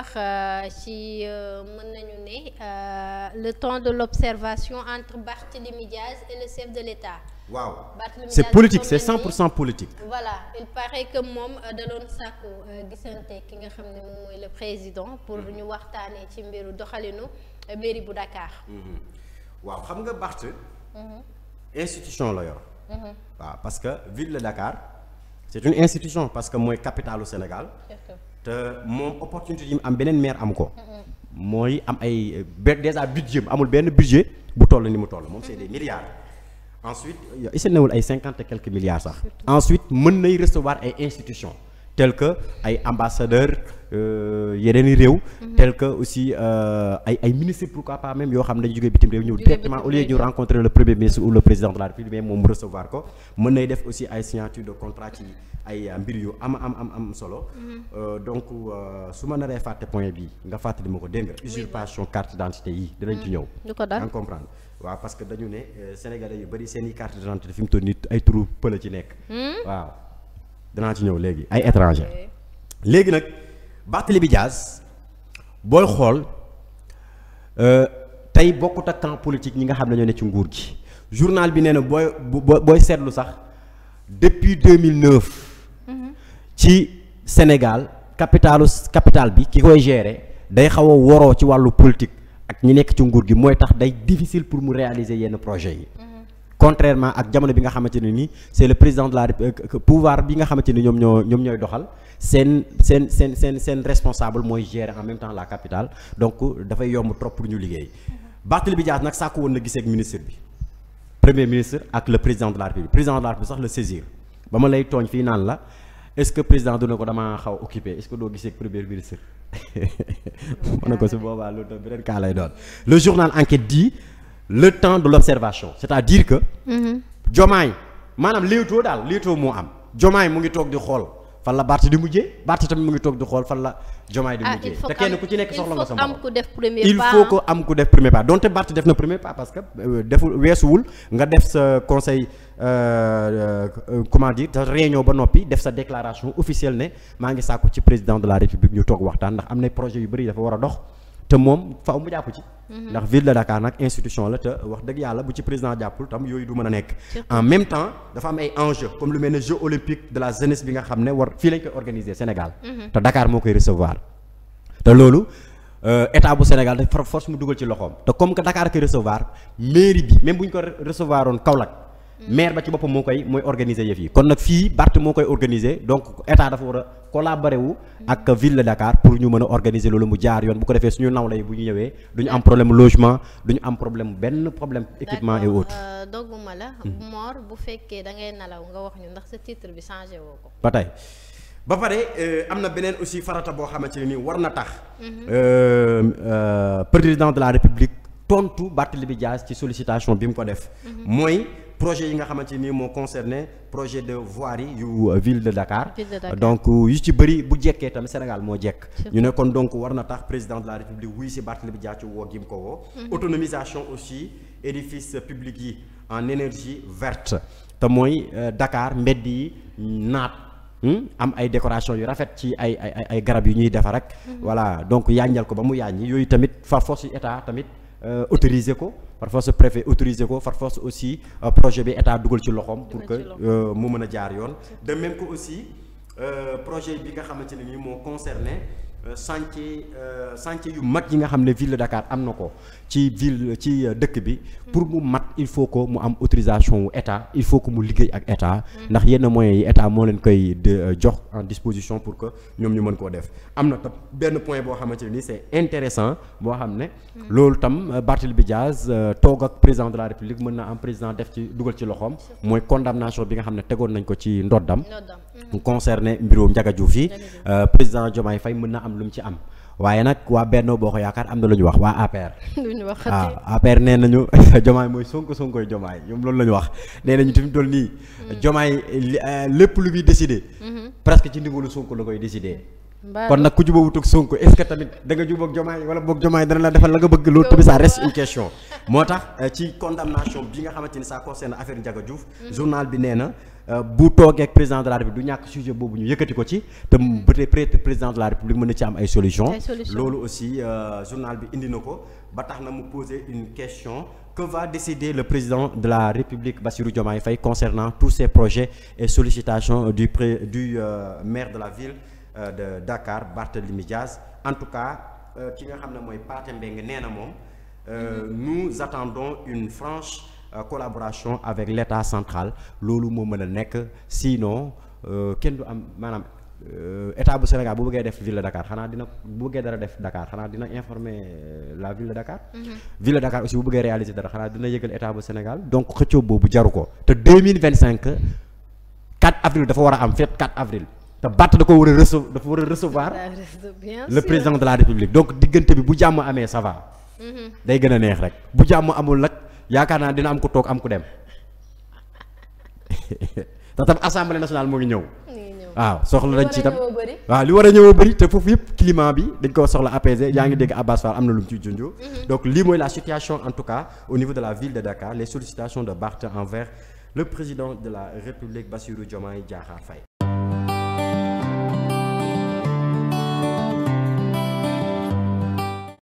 wax euh, ci euh, mën nañu ne euh, le temps de l'observation entre Barthélémy Diaz et le chef de l'État waaw c'est politique c'est pour cent politique voilà il paraît que moom da doon sàkku gisante ki nga xam ne moom mooy le président pour mm-hmm. ñu waxtaanee ci mbiru doxalinu mairie bu Dakar mm-hmm. waaw xam nga Barth mm-hmm. institution la yor waaw parce que ville de Dakar c'est une institution parce que mooy capitale au Sénégal te moom opportunité yi mu am beneen maire am ko. mooy am ay euh, déjà budget amul benn budget bu toll ni mu toll moom c'est des milliards. ensuite euh, isal nawul ay cinquante et quelques milliards sax. ensuite mën nay recevoir ay institutions telles que ay ambassadeurs. Euh, yeneen i réew. Mhm. tel que aussi euh, ay ay ministres pourquoi pas même yoo xam ne dañu jógee bitim réew ñëw directement au lieu ñu rencontrer le premier ministre ou le président de la république mais moom recevoir ko mën nay def ay signature de contrat ci ay euh, mbir yu am am am solo. Mhm. donc su ma naree fàtte point bi nga fàttali ma ko dégg nga. usurpation carte d'identité yi dinañ ci mhm. ñëw. du ko daan comprendre. waaw parce que dañu ne sénégalais yu bari seen i carte d'identité fi to toll nii ay turu pël ci nekk. Hmm? ci ñëw léegi ay étranger Barthélémy Diaz booy xool euh, tey bokkut ak camp politique ñi nga xam ne ne ci nguur gi journal bi nee na booy booy seetlu sax depuis 2009. ci Sénégal capitalu capital bi ki koy gérer day xaw a woroo ci wàllu politique ak ñi nekk ci nguur gi mooy tax day difficile pour mu réaliser yenn projet yi. contrairement ak jamono bi nga xamante ne nii c'est le président de la république euh, pouvoir bi nga xamante ñoom ñoo ñoom ñooy doxal seen seen seen seen seen responsable mooy gérer en même temps la capitale donc dafay yomb trop pour ñu liggéey bi Dias nag sàkku woon na gisee ak ministre bi premier ministre ak le président de la république président de la république sax le saisir ba ma lay tooñ fii naan la est-ce que président duna ko damaa xaw occupé est-ce que doo gisee ko su boobaa loolu tam beneen lay doon le journal le temps de l'observation c'est-à-dire que. jomaay mm-hmm. maanaam léewtoo daal léeto moo am jomaay mu ngi toog di xool fan la barte di mujjee Barth tamit mu ngi toog di xool fan la jomaay di ah, mujjee te kenn ku ci nekk soxla nga sa morom il faut que am ku def premier pas donte Barth def na premier pas parce que euh, deful weesuwul nga def sa conseil euh, euh, comment dire sa réunion ba noppi def sa déclaration officielle ne maa ngi sàkku ci président de la république ñu toog waxtaan ndax am na projet yu bëri dafa war a dox te moom faaw mu jàpp ci. Mhm. ndax ville de Dakar nag institution la te wax dëgg yàlla bu ci président jàppul tam yooyu du mën a nekk. en même temps dafa am ay enjeux comme lu mel ne olympique de la jeunesse bi nga xam ne war fii lañ koy organiser Sénégal. Mhm. te Dakar moo koy recevoir. te loolu euh, état bu Sénégal dafa force mu dugal ci loxoom te comme que Dakar koy recevoir mairie bi même bu ñu ko recevoir woon Kaolack. Mhm. maire ba ci boppam moo koy mooy organiser yëf collaboré wu ak ville Dakar pour ñu mën a organiser loolu mu jaar yoon bu ko defee suñu nawle yi bu ñu ñëwee du ñu am problème logement du ñu am problème benn problème équipement et autres. Euh, dogguma la. Hmm. Mor bu fekkee da ngay nalaw nga wax ñu ndax sa titre bi changé woo ko. ba tay ba pare euh, am na beneen aussi farata boo xamante ne nii war na tax. Mhm. Euh, président de la république tontu li bi Dias ci sollicitation bi mu ko def. Mhm. mooy. projet yi nga xamante ni moo concerné projet de voirie yu euh, ville de Dakar donc euh, yu ci bëri bu jekkee tamit Sénégal moo jekk ñu ne kon donc war na tax président de la République wuy si Barthélémy Dias ci woo gim ko woo mhm. autonomisation aussi édifice public yi en énergie verte te mooy euh, Dakar mbedd yi naat hmm, am ay décoration yu rafet ci ay ay ay garab yu ñuy defar rek mhm. voilà donc yaañal ko ba mu yaaññi yooyu tamit fa si état tamit autoriser ko par force préfet autorisé ko par force aussi euh, projet bi état dugal ci loxoom pour que euh, mu mën a jaar yoon de ko que aussi euh, projet bi nga xamante ne nii moo concerné Euh, chantier euh, chantier yu mag yi nga xam ne ville de Dakar am na ko ci ville ci euh, dëkk bi pour mu mat il faut que mu am autorisation wu état il faut que mu liggéey ak état ndax yenn moyens yi état moo leen koy jox en disposition pour que ñoom ñu mën koo def am na benn point boo xamante ne nii c'est intéressant boo xam ne loolu tam Barthélémy Diaz toog ak président de la République mën na am président def ci dugal ci loxoom mooy condamnation bi nga xam ne tegoon nañ ko ci ndoddam concerné mbiru Ndiaga Diouf yi euh, président Diomaye Faye mën na am lu mu ci am waaye nag waa Benno Bokk Yaakaar am na lu ñu wax waa APR waaw ah, APR nee nañu Diomaye mooy Sonko Sonkoy Diomaye ñoom loolu la ñu wax nee nañu tamit toll nii hmm. Diomaye euh, lépp lu muy décidé hmm. presque ci ndigalu Sonko la koy décidé kon nag ku jubóowut ak Sonko est-ce que tamit da nga jubóog Jomaay wala boog Jomaay dana la defal la nga bëgg loolu tamit ça reste une question moo tax euh, ci condamnation bi nga xamante ni ça concerne affaire Ndiaga Diouf mm. journal bi neena na euh, bu toogee ak président de la république du ñàkk sujet boobu ñu yëkkati ko ci te peut-être président de la république mën na ci am ay solution loolu aussi euh, journal bi indi na ko ba tax na mu poser une question que va décider le président de la république Bassirou Diomaye Faye concernant tous ces projets et sollicitations du pré du maire de la ville Euh, de Dakar Barthélémy Diaz en tout cas euh, ki nga xam ne mooy Pathé Mbengue nee na moom euh, mm-hmm. nous attendons une franche collaboration avec l'État central loolu moo mën a nekk sinon kenn du am maanaam état bu Sénégal bu bëggee def ville de Dakar xanaa dina bu bëggee dara def Dakar xanaa dina informer la ville de Dakar. Mm-hmm. ville de Dakar aussi bu bëggee réaliser dara xanaa dina yëgal état bu Sénégal donc xëccoo boobu jaru ko te 2025 4 avril dafa war a am fête 4 avril. te Barth da ko war a dafa war a recevoir le président de la république donc diggante bi bu jàmm amee ça mm-hmm. day gën a neex rek bu jàmm amul nag yaakaar naa dina am ku toog am ku dem te tam assemblée nationale moo ngi ñëw waaw soxla nañ ci tam waaw li war a ñëw bëri te foofu yëpp climat bi dañ ko soxla apaisé yaa ngi dégg Abbas Fall am na lu mu ciy junj mm-hmm. donc lii mooy la situation en tout cas au niveau de la ville de Dakar les sollicitations de Barth envers le président de la république Bassirou Diomaye Diakhar